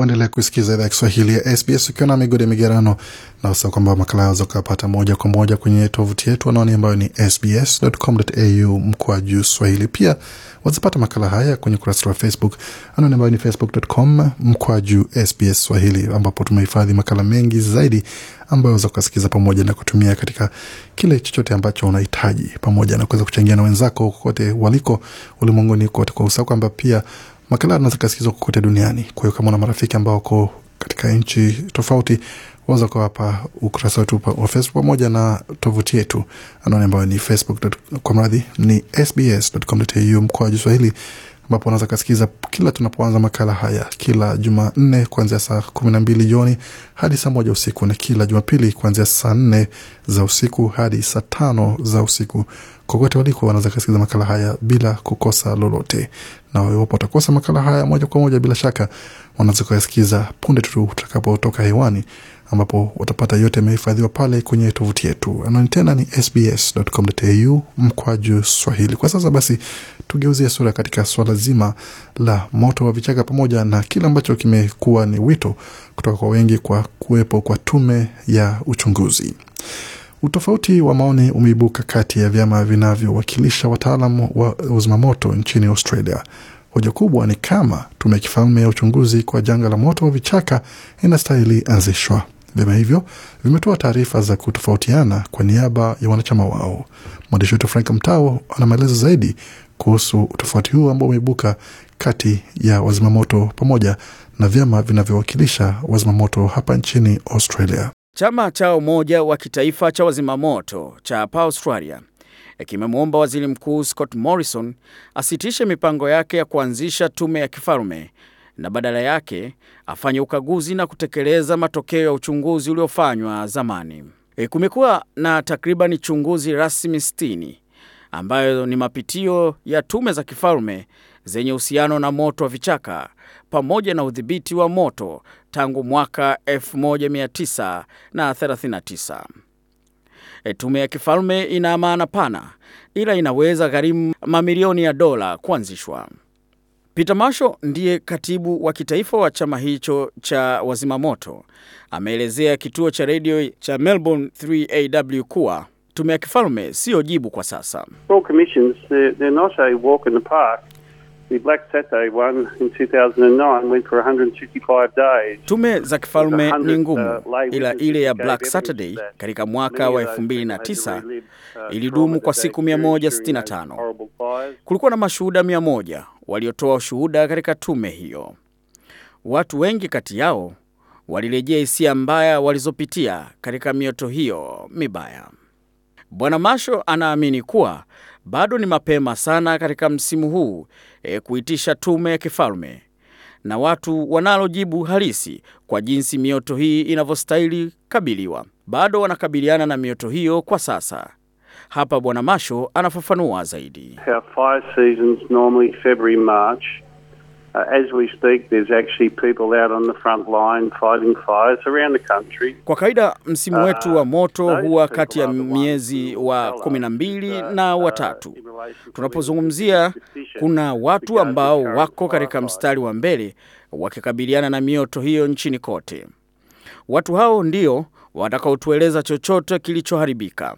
waendelea kusikiza idhaa ya Kiswahili ya SBS ukiwa na migodi migerano, na usa kwamba makala yaweza ukapata moja kwa moja kwenye tovuti yetu anaoni ambayo ni sbs.com.au mkoa juu swahili. Pia wazapata makala haya kwenye ukurasa wa Facebook anaoni ambayo ni facebook.com mkoa juu SBS Swahili, ambapo tumehifadhi makala mengi zaidi ambayo waweza kuwasikiza pamoja na kutumia katika kile chochote ambacho unahitaji, pamoja na kuweza kuchangia na wenzako kokote waliko ulimwenguni kote, kwa usa kwamba pia Makala anaweza kasikizwa kokote duniani. Kwa hiyo kama una marafiki ambao wako katika nchi tofauti, waweza kuwa hapa ukurasa wetu wa Facebook pamoja na tovuti yetu, anaone ambayo ni facebook, kwa mradhi ni sbs.com.au mkoa wa Kiswahili ambapo unaweza kusikiliza kila tunapoanza makala haya kila Jumanne kuanzia saa kumi na mbili jioni hadi saa moja usiku na kila Jumapili kuanzia saa nne za usiku hadi saa tano za usiku. Kokote waliko wanaweza kusikiliza makala haya bila kukosa lolote, na iwapo utakosa makala haya moja kwa moja, bila shaka wanaweza kusikiliza punde tu tutakapotoka hewani ambapo utapata yote yamehifadhiwa pale kwenye tovuti yetu. Anwani tena ni sbs.com.au mkwaju Swahili. Kwa sasa basi, tugeuzie sura katika swala zima la moto wa vichaka pamoja na kile ambacho kimekuwa ni wito kutoka kwa wengi kwa kuwepo kwa tume ya uchunguzi. Utofauti wa maoni umeibuka kati ya vyama vinavyowakilisha wataalam wa uzimamoto nchini Australia. Hoja kubwa ni kama tume ya kifalme ya uchunguzi kwa janga la moto wa vichaka inastahili anzishwa vyama hivyo vimetoa taarifa za kutofautiana kwa niaba ya wanachama wao. Mwandishi wetu Frank Mtao ana maelezo zaidi kuhusu utofauti huo ambao umeibuka kati ya wazimamoto pamoja na vyama vinavyowakilisha wazimamoto hapa nchini Australia. Chama cha Umoja wa Kitaifa cha Wazimamoto cha hapa Australia eh, kimemwomba Waziri Mkuu Scott Morrison asitishe mipango yake ya kuanzisha tume ya kifalme na badala yake afanye ukaguzi na kutekeleza matokeo ya uchunguzi uliofanywa zamani. E, kumekuwa na takriban chunguzi rasmi 60 ambayo ni mapitio ya tume za kifalme zenye uhusiano na moto wa vichaka pamoja na udhibiti wa moto tangu mwaka 1939. E, tume ya kifalme ina maana pana, ila inaweza gharimu mamilioni ya dola kuanzishwa. Peter Masho ndiye katibu wa kitaifa wa chama hicho cha wazimamoto. Ameelezea kituo cha redio cha Melbourne 3AW kuwa tume ya kifalme siyo jibu kwa sasa. The Black Saturday one in 2009 went for days. Tume za kifalme ni ngumu, uh, ila ile ya Black Saturday katika mwaka wa 2009 uh, ilidumu kwa siku 165. Kulikuwa na mashuhuda 100 waliotoa ushuhuda katika tume hiyo. Watu wengi kati yao walirejea hisia mbaya walizopitia katika mioto hiyo mibaya. Bwana Masho anaamini kuwa bado ni mapema sana katika msimu huu e, kuitisha tume ya kifalme na watu wanalo jibu halisi kwa jinsi mioto hii inavyostahili kabiliwa. Bado wanakabiliana na mioto hiyo kwa sasa. Hapa Bwana Masho anafafanua zaidi. Our fire seasons normally February, March Uh, Kwa kawaida msimu wetu wa uh, moto huwa kati ya miezi wa kumi na mbili na uh, watatu. Tunapozungumzia, kuna watu ambao wako katika mstari wa mbele wakikabiliana na mioto hiyo nchini kote. Watu hao ndio watakaotueleza chochote kilichoharibika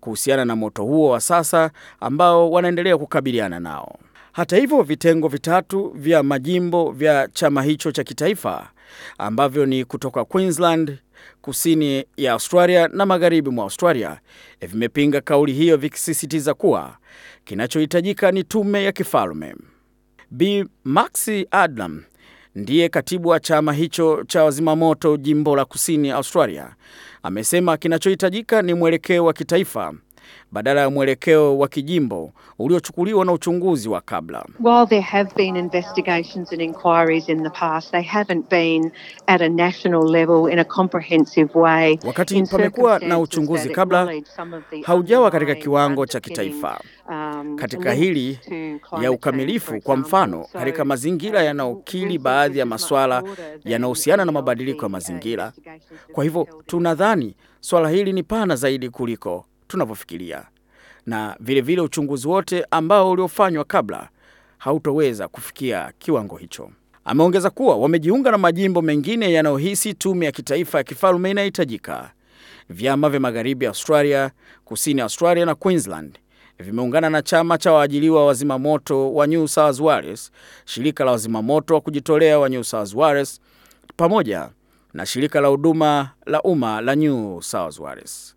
kuhusiana na moto huo wa sasa ambao wanaendelea kukabiliana nao. Hata hivyo, vitengo vitatu vya majimbo vya chama hicho cha kitaifa ambavyo ni kutoka Queensland, kusini ya Australia na magharibi mwa Australia vimepinga kauli hiyo vikisisitiza kuwa kinachohitajika ni tume ya kifalme. Bi Maxi Adlam ndiye katibu wa chama hicho cha wazimamoto jimbo la kusini Australia, amesema kinachohitajika ni mwelekeo wa kitaifa badala ya mwelekeo wa kijimbo uliochukuliwa na uchunguzi wa kabla. While there have been investigations and inquiries in the past, they haven't been at a national level in a comprehensive way. Wakati pamekuwa na uchunguzi kabla, haujawa katika kiwango cha kitaifa. Um, katika hili ya ukamilifu, kwa mfano, katika um, mazingira yanayokili baadhi ya maswala yanayohusiana na mabadiliko ya mazingira. Kwa hivyo tunadhani swala hili ni pana zaidi kuliko tunavyofikiria, na vilevile vile uchunguzi wote ambao uliofanywa kabla hautoweza kufikia kiwango hicho. Ameongeza kuwa wamejiunga na majimbo mengine yanayohisi tume ya kitaifa ya kifalme inahitajika. Vyama vya magharibi Australia, kusini Australia na Queensland vimeungana na chama cha waajiliwa wazimamoto wa New South Wales, shirika la wazimamoto wa kujitolea wa New South Wales pamoja na shirika la huduma la umma la New South Wales.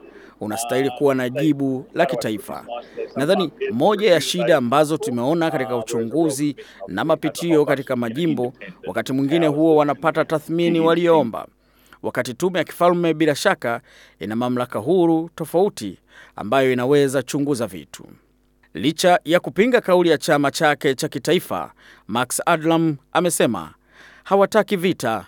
unastahili kuwa na jibu la kitaifa. Nadhani moja ya shida ambazo tumeona katika uchunguzi na mapitio katika majimbo, wakati mwingine huo wanapata tathmini waliomba, wakati tume ya kifalme bila shaka ina mamlaka huru tofauti ambayo inaweza chunguza vitu. Licha ya kupinga kauli ya chama chake cha kitaifa, Max Adlam amesema hawataki vita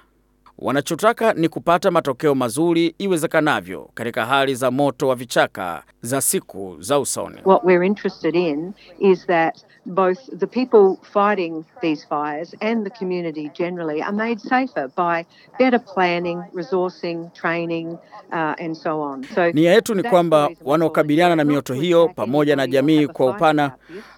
Wanachotaka ni kupata matokeo mazuri iwezekanavyo katika hali za moto wa vichaka za siku za usoni. What we're interested in is that both the people fighting these fires and the community generally are made safer by better planning, resourcing, training, uh, and so on. So nia yetu ni kwamba wanaokabiliana na mioto hiyo pamoja na jamii kwa upana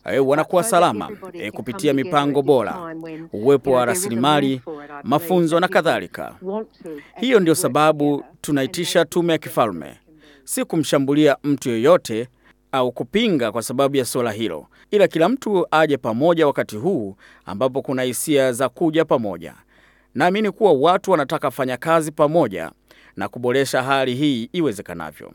e, wanakuwa salama e, kupitia mipango bora, uwepo wa rasilimali, mafunzo na kadhalika haraka. Hiyo ndio sababu tunaitisha tume ya kifalme, si kumshambulia mtu yoyote au kupinga kwa sababu ya suala hilo, ila kila mtu aje pamoja wakati huu ambapo kuna hisia za kuja pamoja. Naamini kuwa watu wanataka fanya kazi pamoja na kuboresha hali hii iwezekanavyo,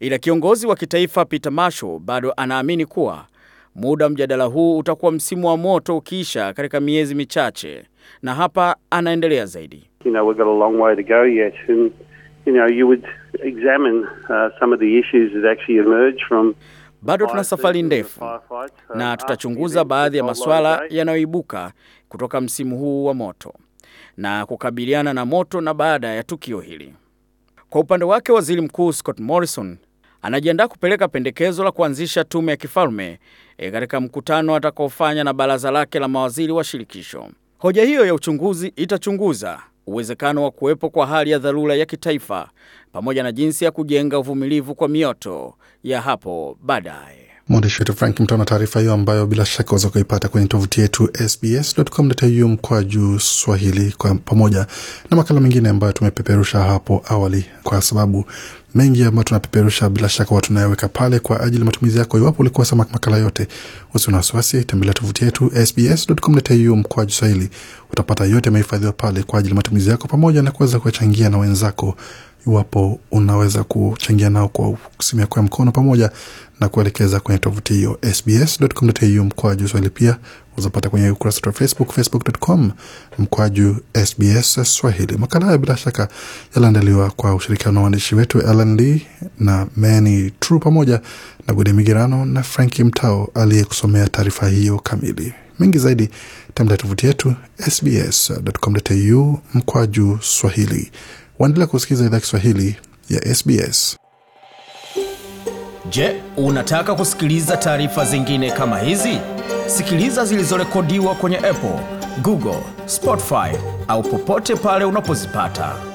ila kiongozi wa kitaifa Peter Masho bado anaamini kuwa muda mjadala huu utakuwa msimu wa moto ukiisha katika miezi michache, na hapa anaendelea zaidi you know, we've got a long way to go yet. And, you know, you would examine uh, some of the issues that actually emerge from bado tuna safari ndefu uh, na tutachunguza baadhi ya masuala yanayoibuka kutoka msimu huu wa moto na kukabiliana na moto na baada ya tukio hili. Kwa upande wake, waziri mkuu Scott Morrison anajiandaa kupeleka pendekezo la kuanzisha tume ya kifalme eh, katika mkutano atakaofanya na baraza lake la mawaziri wa shirikisho. Hoja hiyo ya uchunguzi itachunguza uwezekano wa kuwepo kwa hali ya dharura ya kitaifa pamoja na jinsi ya kujenga uvumilivu kwa mioto ya hapo baadaye. Mwandishi wetu Frank na taarifa hiyo ambayo bila shaka waweza kuipata kwenye tovuti yetu sbs.com.au mkwa juu Swahili, kwa pamoja na makala mengine ambayo tumepeperusha hapo awali, kwa sababu mengi ambayo tunapeperusha bila shaka tunayaweka pale kwa ajili ya matumizi yako. Iwapo ulikosa makala yote, usi na wasiwasi, tembelea tovuti yetu sbs.com.au mkwa juu Swahili Utapata yote yamehifadhiwa pale kwa ajili ya matumizi yako, pamoja na kuweza kuyachangia na wenzako, iwapo unaweza kuchangia nao kwa simu yako ya mkono, pamoja na kuelekeza kwenye tovuti hiyo sbs.com.au mkwaju swahili. Pia uzapata kwenye ukurasa wa Facebook, facebook.com mkwaju sbs swahili. Makala haya bila shaka yaliandaliwa kwa ushirikiano wa waandishi wetu LND na man True pamoja na Gode Migerano na Franki Mtao aliyekusomea taarifa hiyo kamili mengi zaidi, tembelea tovuti yetu sbs.com.au mkwaju swahili. Waendelea kusikiliza idhaa Kiswahili ya SBS. Je, unataka kusikiliza taarifa zingine kama hizi? Sikiliza zilizorekodiwa kwenye Apple, Google, Spotify au popote pale unapozipata.